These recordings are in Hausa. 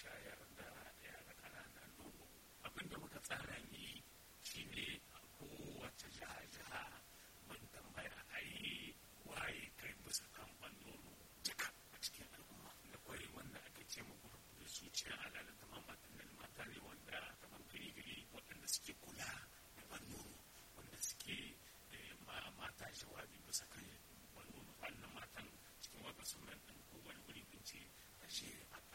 shayar da yara ƙananan nono abin da muka tsara mu shi ne a kowace jiha-jiha mun tambaya a yi waye kai bisa kamfan nono duka a cikin al'umma da kwari wanda aka ce ma gurup da zuciya alala ta mamatan da mata ne wanda kamar gari gari waɗanda suke kula da ban nono wanda suke eh, mata jawabi bisa kan ban nono wannan matan cikin wata sunan ɗin kowane wuri ce a shi a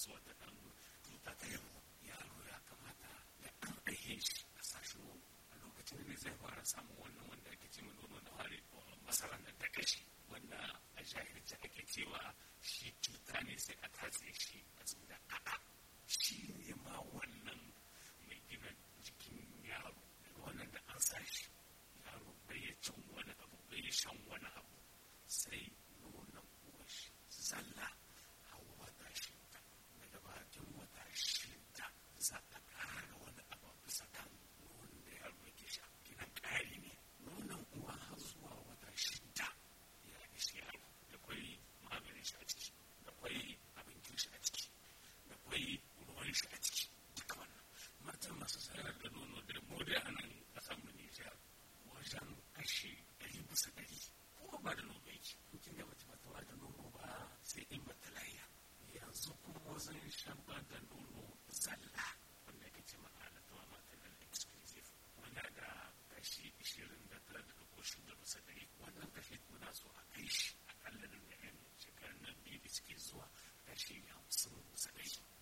masu wata ɗan ta yamma yaro ya kamata da an aihe shi a sashen a lokacin da zai fara samun wannan wanda ake ce nono da ta kashe wanda a jahilci ake cewa shi cuta ne sai a tatse shi a a'a shi ne ma wannan mai gina jikin yaro daga wannan da an sa shi yaro bai ya cin wani abu bai ya shan wani abu sai nonon uwar shi zalla zan shabba da nono zalla wanda ke ce ma'alatuwa material exclusive muna da kashi 29 da ɗago shida bisa